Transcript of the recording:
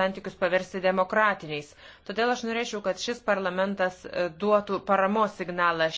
santykius paversti demokratiniais. Todėl aš norėčiau, kad šis parlamentas e, duotų paramos signalą